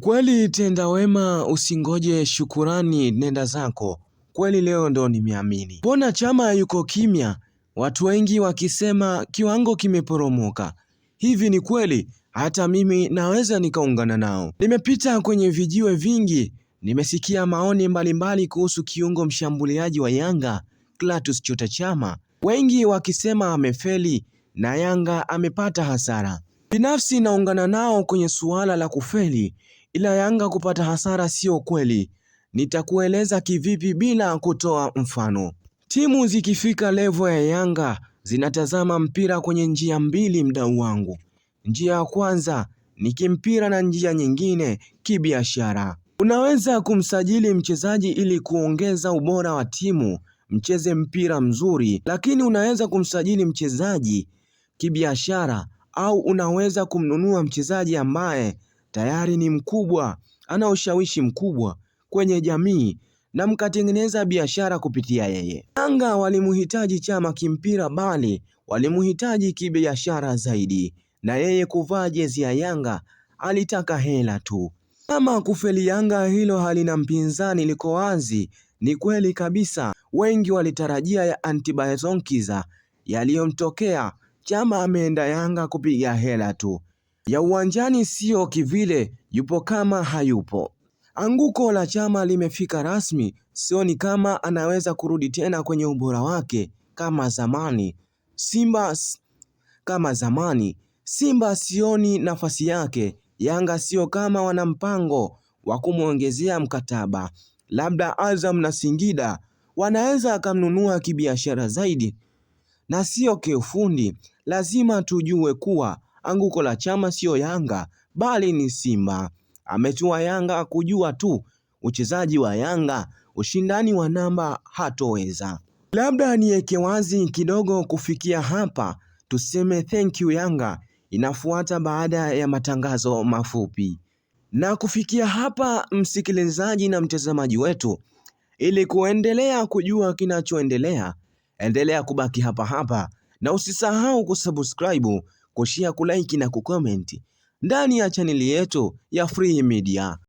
Kweli tenda wema usingoje shukurani nenda zako, kweli leo ndo nimeamini. Mbona Chama yuko kimya, watu wengi wakisema kiwango kimeporomoka. Hivi ni kweli, hata mimi naweza nikaungana nao. Nimepita kwenye vijiwe vingi, nimesikia maoni mbalimbali kuhusu kiungo mshambuliaji wa Yanga Clatous Chota Chama, wengi wakisema amefeli na Yanga amepata hasara. Binafsi naungana nao kwenye suala la kufeli ila Yanga kupata hasara sio kweli. Nitakueleza kivipi bila kutoa mfano. Timu zikifika levo ya Yanga zinatazama mpira kwenye njia mbili, mdau wangu. Njia ya kwanza ni kimpira na njia nyingine kibiashara. Unaweza kumsajili mchezaji ili kuongeza ubora wa timu, mcheze mpira mzuri, lakini unaweza kumsajili mchezaji kibiashara au unaweza kumnunua mchezaji ambaye tayari ni mkubwa, ana ushawishi mkubwa kwenye jamii na mkatengeneza biashara kupitia yeye. Yanga walimhitaji Chama kimpira, bali walimhitaji kibiashara zaidi, na yeye kuvaa jezi ya Yanga alitaka hela tu. Kama kufeli Yanga hilo halina mpinzani liko wazi. Ni kweli kabisa, wengi walitarajia ya antibiotics yaliyomtokea Chama ameenda Yanga kupiga hela tu, ya uwanjani sio kivile yupo kama hayupo. Anguko la Chama limefika rasmi, sioni kama anaweza kurudi tena kwenye ubora wake kama zamani. Simba kama zamani, Simba sioni nafasi yake. Yanga sio kama wana mpango wa kumwongezea mkataba, labda Azam na Singida wanaweza akamnunua kibiashara zaidi na sio kiufundi. Lazima tujue kuwa anguko la chama siyo Yanga bali ni Simba. Ametua Yanga kujua tu uchezaji wa Yanga, ushindani wa namba hatoweza. Labda niweke wazi kidogo kufikia hapa, tuseme thank you Yanga inafuata baada ya matangazo mafupi. Na kufikia hapa, msikilizaji na mtazamaji wetu, ili kuendelea kujua kinachoendelea, endelea kubaki hapa hapa na usisahau kusubscribe kushare, kulike na kucomment ndani ya chaneli yetu ya Free Media.